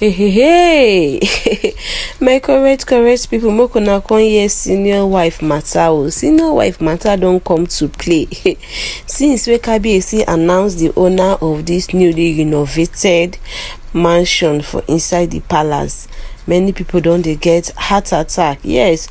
hey hey hey my correct correct people make una come hear senior wife matter o senior wife matter don come to play since wey kabiyesi announce the owner of this newly renovated mansion for inside the palace many people don dey get heart attack yes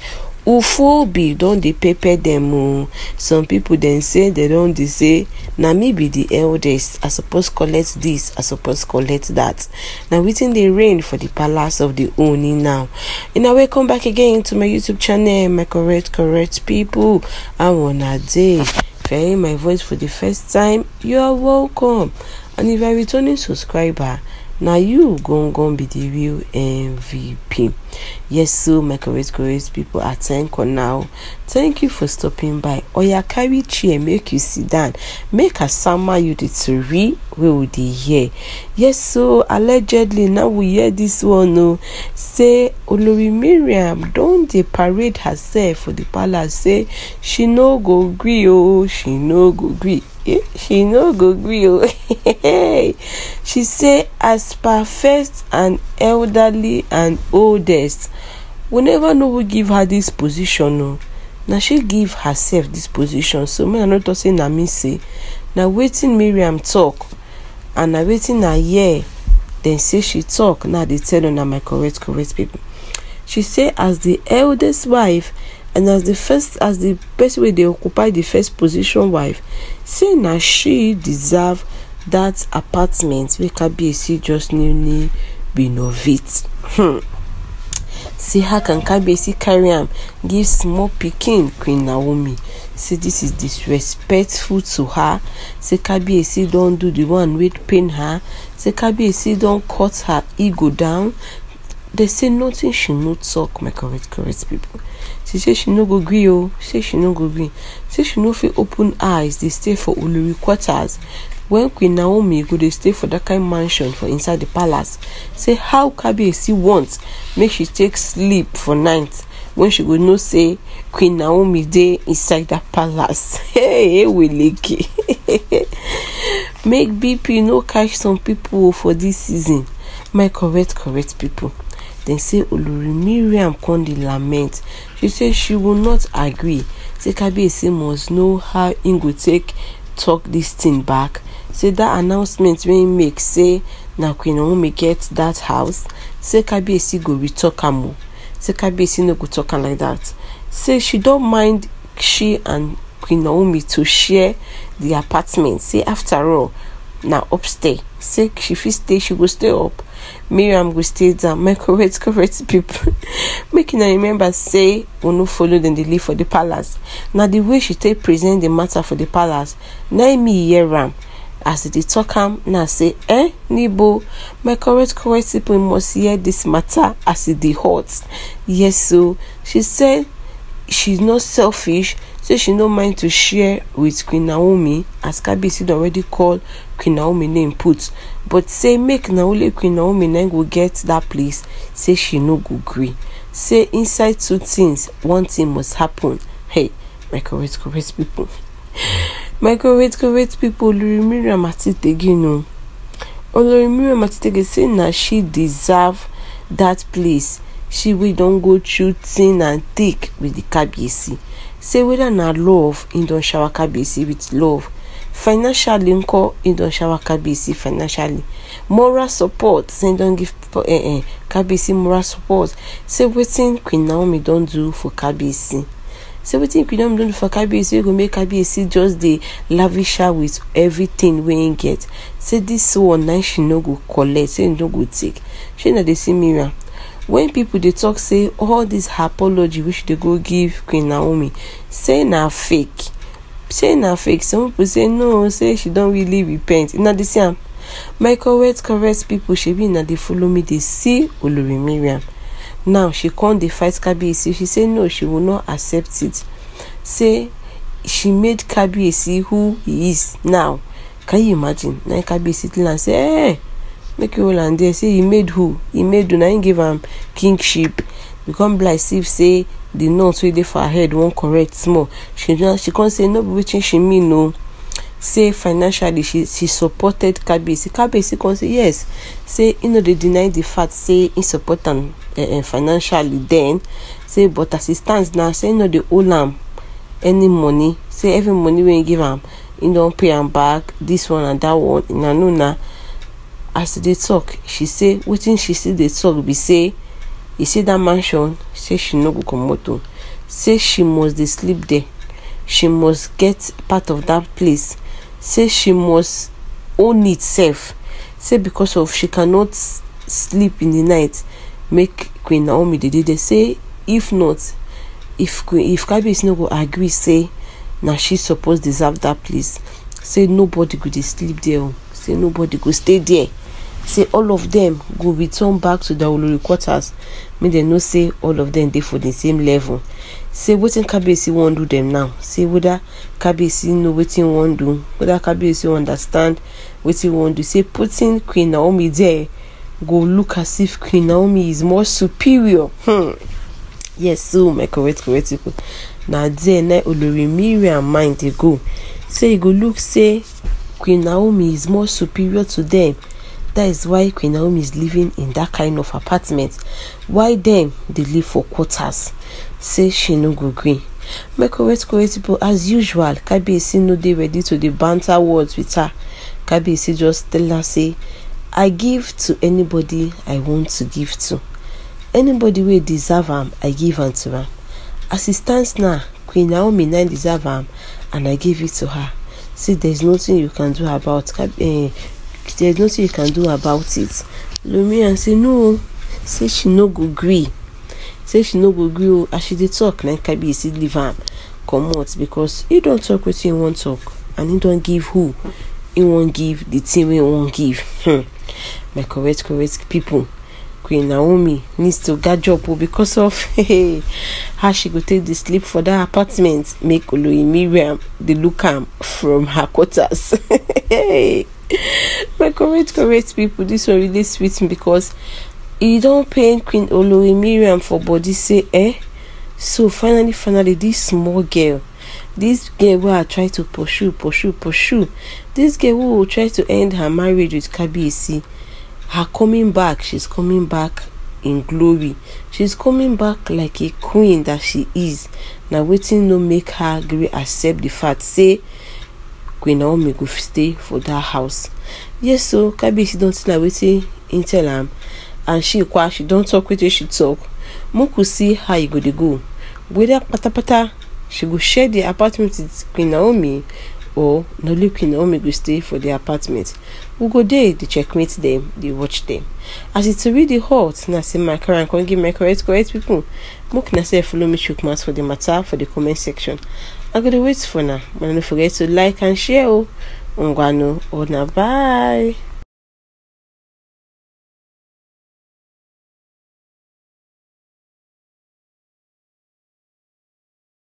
who be don dey pepper dem o oh? some people dem say dem don dey say na me be the eldest i suppose collect this i suppose collect that na wetin dey reign for the palace of the Ooni now una welcome back again to my youtube channel my correct correct people how una dey if you're hearing my voice for the first time you are welcome and if you're a returning subscriber na you gon gon be the real mvp Yes, Yesu Mekorit Grace people at Tenko now. Thank you for stopping by. Oya oh, carry chair, make you sit down. Make a summer you did to re we would hear. Yes, so allegedly now we hear this one no oh. say Olori Miriam don't they parade herself for the palace say she no go gree oh she no go gree eh, she no go gree o oh. she say as per first and elderly and oldest honest we never know who give her this position o na she give herself this position so make i no talk say na me say na wetin miriam talk and na wetin i hear dem say she talk na i dey tell una my correct correct people she say as the eldest wife and as the first as the person wey dey occupy the first position wife say na she deserve that apartment wey kabiyesi just newly renovate. Hmm. See her can Kabesi carry him, give small picking Queen Naomi. Say this is disrespectful to her. Say Kabesi don't do the one with pain her. Say Kabesi don't cut her ego down. They say nothing she no talk, my correct, correct people. She say she no go gree oh. She say she no go gree. Say she no fit open eyes. They stay for Olori quarters when queen naomi go dey stay for dat kain mansion for inside the palace say how kabiyesi want make she take sleep for night when she go know say queen naomi dey inside that palace hey eweleke make bp no catch some people oh for this season my correct correct people. dem say olori mariam come dey lament she say she will not agree say kabiyesi must know how im go take talk this thing back say that announcement wey im make say na queen naomi get dat house say kabiyesi go retalk am o say kabiyesi no go talk am like dat say she don mind she and queen naomi to share di apartment say after all na upstairs say she fit stay she go stay up miriam go stay down my correct correct people. make una remember say we no follow dem dey live for di palace na di way she take present di matter for di palace na im me hear am as e talk tok am na say eh nibo my correct correct people must hear this matter as e dey hot yes o she say she no selfish say she no mind to share with queen naomi as kabiyesi don already call queen naomi name put but say make na only queen naomi na go get that place say she no go gree say inside two things one thing must happen hey my correct correct people. migrate great pipo olori mariam atitege no olori mariam atitege say na she deserve dat place she wey don go through thin and thick with di kabiyesi say weda na love im don shower kabiyesi with love financially nko im don shower kabiyesi financially moral support say im don give eh, eh kabiyesi moral support say wetin queen naomi don do for kabiyesi seventeen kingdom don do for kabiyesi wey go make kabiyesi just dey lavish her with everything wey im get say this one na she no go collect say im no go take shey na dey see miriam when people dey talk say all this apology wey she dey go give queen naomi say na fake say na fake some people say no say she don really repent una dey see am my correct correct people shebi una dey follow me dey see olori miriam now she come dey fight kabiyesi she say no she will not accept it say she made kabiyesi who he is now can you imagine na kabiyesi tell am say eh make you hold am there say he made who he made who na him give am kingship Become come be like say the nurse wey dey for her head wan correct small she just she come say no be wetin she mean o. No say financially she she supported kabiyesi kabiyesi come say yes say e no dey deny the fact say he support am uh, financially then say but as e stand now say e no dey owe am any money say every money wey e give am he don pay am back This one and that one una know na as e dey talk she say wetin she still dey talk be say he say that mansion say she no go comot o say she must dey sleep there she must get part of that place say she must own it sef say because of she cannot sleep in the night make queen naomi dey dey there say if not if if kabiyesi no go agree say na she suppose deserve dat place say nobody go dey sleep there o oh. say nobody go stay there say all of dem go return back to dia olori quarters make dem know say all of dem dey for the same level say wetin kabiyesi wan do dem now say whether kabiyesi know wetin he wan do whether kabiyesi understand wetin he wan do say Putin queen naomi there go look as if queen naomi is more superior hmm. yes so my correct correct people na there na olori mariam mind dey go say e go look say queen naomi is more superior to them that is why queen naomi is living in that kind of apartment why dem dey live for quarters say she no go gree make correct correct pipo as usual kabiyesi no dey ready to dey banter words with her kabiyesi just tell her say i give to anybody i want to give to anybody wey deserve am i give am to am as e stands now queen naomi na deserve am and i give it to her say there's nothing you can do about uh, there's nothing you can do about it and say no say she no go gree say she no go gree o as she dey talk na kabiyesi leave am comot because he don talk wetin he wan talk and he don give who he wan give the thing wey he wan give hmm. my correct correct people queen naomi needs to gaj up o because of how she go take dey sleep for that apartment make oloyi miriam dey look am from her quarters. my correct correct people this one really sweet me because e don pain queen olori Miriam for body say eh so finally finally this small girl this girl wey i try to pursue pursue pursue this girl wey try to end her marriage with kabiyesi her coming back she's coming back in glory she's coming back like a queen that she is na wetin no make her gree accept the fact say queen naomi go stay for that house yes so, kabiyesi don tell am wetin im tell am and she kwa she not talk with you. she talk make see how you go to go whether pata. she go share the apartment with queen naomi or na only queen naomi go stay for the apartment we go dey dey checkmate them. They watch them. as it's really hot na say my current can give my correct correct people. make na say follow me show mouth for the matter for the comment section i go to wait for una Don't forget to like and share o oh. ngwanu una bye.